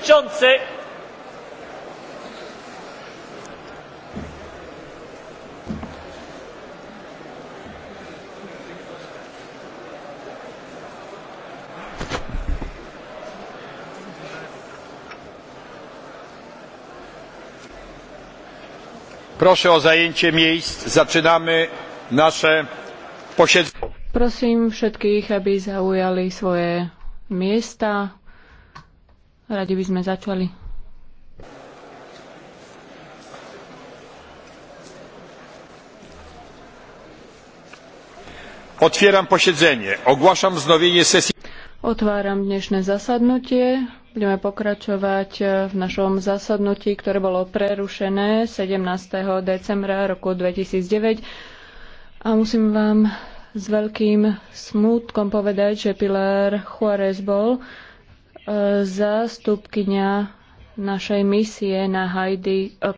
przewodniczący! Proszę o zajęcie miejsc. Zaczynamy nasze posiedzenie. Prosím všetkých, aby zaujali svoje miesta. Radi by sme začali. Otvieram posiedzenie. Ogłaszam znovenie sesie. Otváram dnešné zasadnutie. Budeme pokračovať e, v našom zasadnutí, ktoré bolo prerušené 17. decembra roku 2009. A musím vám s veľkým smútkom povedať, že Pilar Juarez bol zástupkyňa našej misie na Haiti